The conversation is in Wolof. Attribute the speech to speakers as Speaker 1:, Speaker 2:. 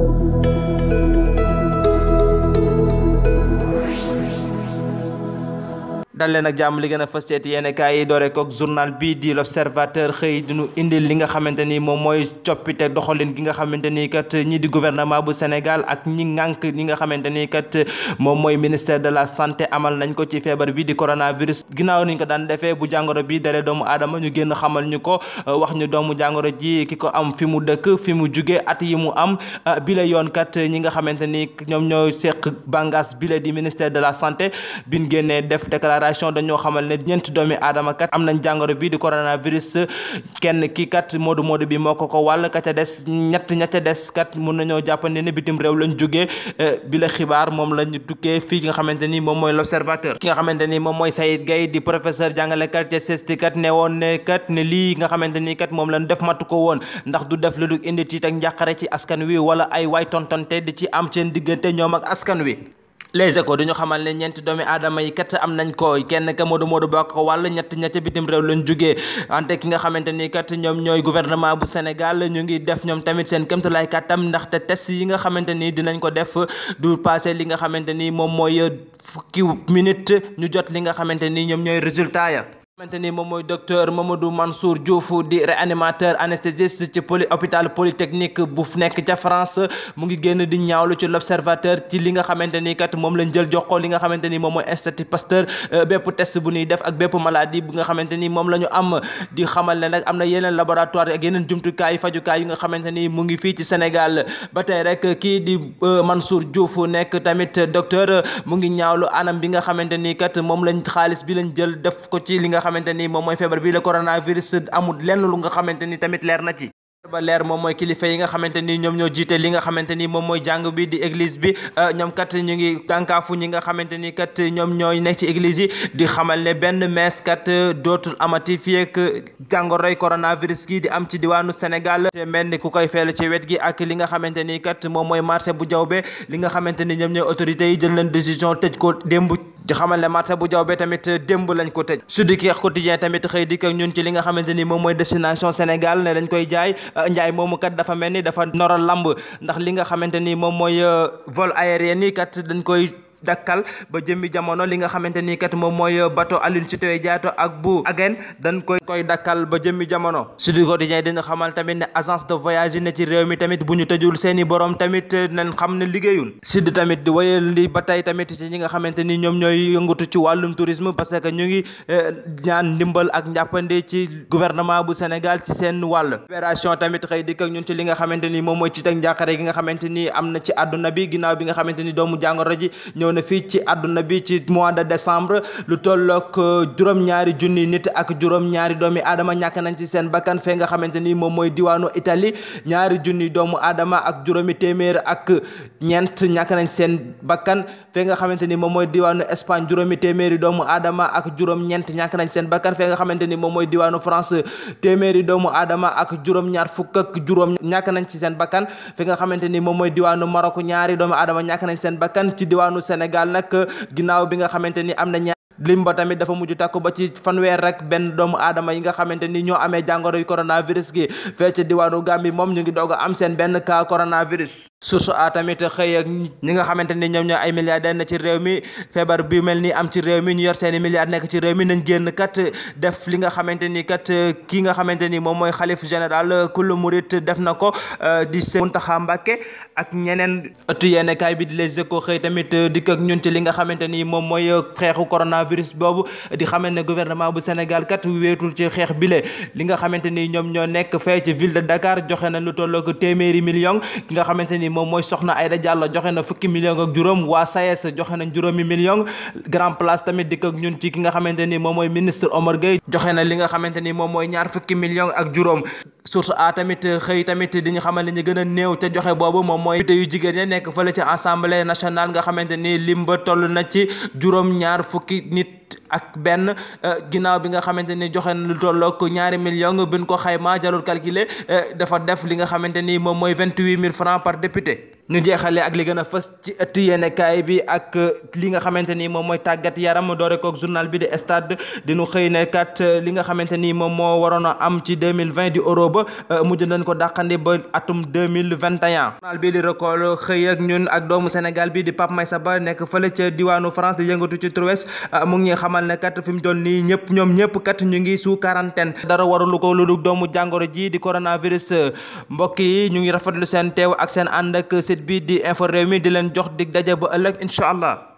Speaker 1: Thank you. dal leen ak jàmm li gën a fës ci yéen kaay yi doore ko ak journal bii di l'observateur xëy dinu indil li nga xamante ni moom mooy coppite doxalin gi nga xamante ni kat ñi di gouvernement bu Sénégal ak ñi ngànk ñi nga xamante ni kat moom mooy ministère de la santé amal nañ ko ci feebar bi di coronavirus ginnaaw niñ ko daan defee bu jàngoro bi dalee doomu aadama ñu génn xamal ñu ko wax ñu doomu jàngoro ji ki ko am fi mu dëkk fi mu jugee at yi mu am ah, bi la yoon kat ñi nga xamante ni ñoom ñoo seq bàngaas bi la di ministère de la santé bin génnee def déclaration libération dañoo xamal ne ñeenti doomi aadama kat am nañ jàngoro bi di coronavirus kenn kii kat moodu moodu bi moo ko ko wàll ka des ñett ña des kat mun nañoo jàppandi ne bitim réew lañ jógee eh, bi la xibaar moom lañu tukkee fii ki nga xamante ni moom mooy l'observateur ki nga xamante ni moom mooy Sayid Gaye di professeur jàngalekat ca CESTI kat ne woon ne kat ne lii nga xamante ni kat moom lañu def matu ko woon ndax du def lu dul indi tiit njàqare ci askan wi wala ay waay tontonte di ci am seen diggante ñoom ak askan wi Les Échos dañu xamal ne ñeenti doomi aadama yi kat am nañ ko kenn ka Modou Modou ba ko wàll ñett ña ca bitim réew lañ jógee ante ki nga xamante ni kat ñoom ñooy gouvernement bu Sénégal ñu ngi def ñoom tamit seen kémtulaay kàttam ndaxte test yi nga xamante nii dinañ ko def du passé li nga xamante ni moom mooy fukki minute ñu jot li nga xamante nii ñoom ñooy résultat ya Maintenant, ni moom docteur Mamadou Mansour Diouf di réanimateur anesthésiste ci poly hôpital polytechnique bu nekk ca France mu ngi génn di ñaawlu ci l'observateur ci li nga xamante ni kat moom lañ jël jox ko li nga xamante ni moom institut Pasteur euh, bépp test bu ñuy def ak bépp maladie bu nga xamante ni moom la ñu am di xamal ne nag am na laboratoire ak yeneen jumtukaay fajukaay yi nga xamante ni mu ngi fii ci Sénégal ba tey rek kii di euh, Mansour Diouf nekk tamit docteur mu ngi ñaawlu anam bi nga xamante ni kat moom lañ xaalis bi lañ jël def ko ci li nga xamante ni moom mooy feebar bi la coronavirus amul lenn lu nga xamante ni tamit leer na ci leer moom mooy kilifa yi nga xamante ni ñoom ñoo jiite li nga xamante ni moom mooy jàng bi di église bi euh, ñoom kat ñu ngi tànkaafu ñi nga xamante ni kat ñoom ñooy nekk ci église yi di xamal ne benn mees kat dootul amati fii ak jàngoroy coronavirus gi di am ci diwaanu Sénégal te mel ni ku koy feelu ci wet gi ak li nga xamante ni kat moom mooy marché bu jaw jawbe li nga xamante ni ñoom ñooy autorité yi jël leen décision tëj ko démb di xamal ne marché bu jaww bi tamit euh, démb lañ ko tëj Sud Quotidien tamit xëy dikk ak ñun ci li nga xamante ni moom mooy destination Sénégal ne dañ koy jaay euh, njaay moomu kat dafa mel ni dafa nora lamb ndax li nga xamante ni moom mooy euh, vol aérien nii kat dañ koy dakal ba jëmmi jamono li nga xamante ni kat moom mooy bato ci Sitoé jaato ak bu Agen dañ koy koy dakkal ba jëmmi jamono godi ñay dina xamal tamit ne agence de voyage ci réew mi tamit bu ñu tëjul seeni borom tamit nañ xam ne liggéeyul Sud tamit di wayal li ba tey tamit ci ñi nga xamante ni ñoom ñooy yëngatu ci wàllum tourisme parce que ñu ngi eh, ñaan ndimbal ak njàppande ci gouvernement bu Sénégal ci seen wàll opération tamit xëy dikk ak ñun ci li nga xamante ni moom mooy ci teg njàqare gi nga xamante ni am na ci àdduna bi ginnaaw bi nga xamante doomu jàngoro ji ñëw ñëw na fii ci àdduna bi ci mois de décembre lu tollook euh, juróom-ñaari junni nit ak juróom-ñaari doomi aadama ñàkk nañ ci seen bakkan fee nga xamante ni moom mooy diwaanu Italie ñaari junni doomu aadama ak juróomi téeméer ak ñeent ñàkk nañ seen bakkan fee nga xamante ni moom mooy diwaanu Espagne juróomi téeméeri doomu aadama ak juróom-ñeent ñàkk nañ seen bakkan fee nga xamante ni moom mooy diwaanu France téeméeri doomu aadama ak juróom-ñaar fukk juróom ñàkk nañ ci seen bakkan fee nga xamante ni moom mooy diwaanu Maroc ñaari doomu aadama ñàkk seen bakkan ci diwaanu Sénégal Sénégal nag ginnaaw bi nga xamante ni am na lim ba tamit dafa mujj takku ba ci fanweer rek benn doomu aadama yi nga xamante ni ñoo amee jàngoro yu coronavirus gi fee ca diwaanu Gàmbi moom ñu ngi doog a am seen benn cas coronavirus. source tamit xëy ak ñi nga xamante ni ñoom ñoo ay milliardaires na ci réew mi feebar bi mel ni am ci réew mi ñu yor seeni milliards nekk ci réew mi nañ génn kat def li nga xamante ni kat ki nga xamante ni moom mooy xalif général kullu murit def na ko euh, di sëñ Muntaxa Mbàkke ak ñeneen ëttu bi di Les xëy tamit dikk ak ñun ci li nga xamante ni moom mooy xeexu euh, corona virus boobu di xamante ne gouvernement bu Sénégal kat wéetul ci xeex bile li nga xamante ni ñoom ñoo nekk fee ci ville de Dakar joxe na lu tolloo ko téeméeri million ki nga xamante e moom mooy ministre Omar Gueye joxe na li nga xamante ni moom mooy ñaar fukki million ak juróom source a tamit xëy tamit di ñu xamal ne ñu gën a néew te joxe boobu moom mooy député yu jigéen ña nekk fële ci assemblée nationale nga xamante ni toll na ci juróom ñaar fukki nit ak ben ginaaw bi nga xamanteni joxe na lu tolloog ñaari million buñ ko xayma jarul calculer dafa def li nga xamanteni mom moy 28000 francs par député ñu jéxalé ak li gëna fess ci ëtt eh, kay bi ak eh, li nga xamanteni mom moy tagat yaram doore koog journal bi di stade di xëy ne kat eh, li nga xamanteni mom mo warono am ci 2020 di euro ba jënd nañ ko dàqandi ba atum 2021 journal bi di record xey ak ñun ak doomu Sénégal bi di Pape Maïssa Ba nek fele ci diwanu France di yëngatu ci Troyes mu ngi xamal ne kat fi doon ni ñëpp ñom ñëpp kat ñu ngi sous quarantaine dara warulu ko lu doomu jangoro ji di coronavirus mbokk yi ñu ngi rafetlu sen tew ak sen and ak site bi di info réew mi di leen jox dig daje ba ëllëg incha allah